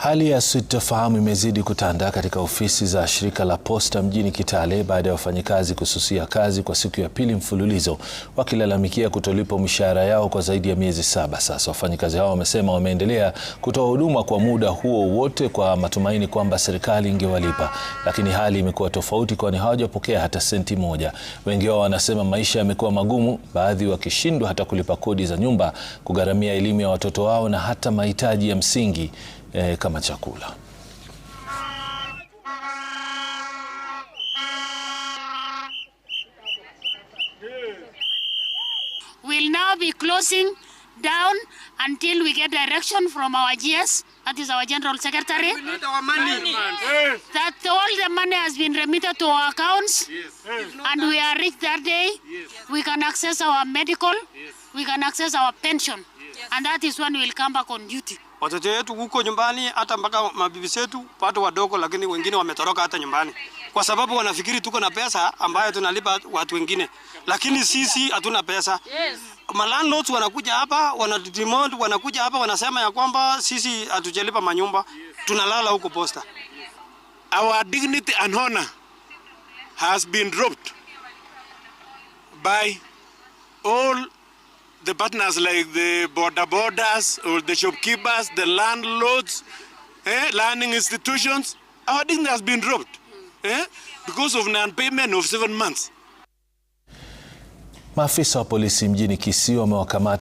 Hali ya sitofahamu imezidi kutanda katika ofisi za shirika la posta mjini Kitale baada ya wafanyikazi kususia kazi kwa siku ya pili mfululizo wakilalamikia kutolipwa mishahara yao kwa zaidi ya miezi saba sasa. Wafanyikazi hao wamesema wameendelea kutoa huduma kwa muda huo wote kwa matumaini kwamba serikali ingewalipa, lakini hali imekuwa tofauti, kwani hawajapokea hata senti moja. Wengi wao wanasema maisha yamekuwa magumu, baadhi wakishindwa hata kulipa kodi za nyumba, kugharamia elimu ya watoto wao na hata mahitaji ya msingi eh, kama chakula. We'll now be closing down until we get direction from our GS, that is our General Secretary. We need our money. Yes. That all the money has been remitted to our accounts. Yes. And we are rich that day. Yes. We can access our medical. Yes. We can access our pension. Yes. And that is when we'll come back on duty watoto wetu huko nyumbani, hata mpaka mabibi zetu watu wadogo, lakini wengine wametoroka hata nyumbani kwa sababu wanafikiri tuko na pesa ambayo tunalipa watu wengine, lakini sisi hatuna pesa. Malandlords wanakuja hapa, wanademand, wanakuja hapa wanasema ya kwamba sisi hatujalipa manyumba, tunalala huko posta. Our dignity and honor has been dropped by all partners like the border borders or the shopkeepers, the landlords, eh, learning institutions, our dignity has been dropped eh, because of non-payment of seven months. Maafisa wa polisi mjini Kisii wamewakamata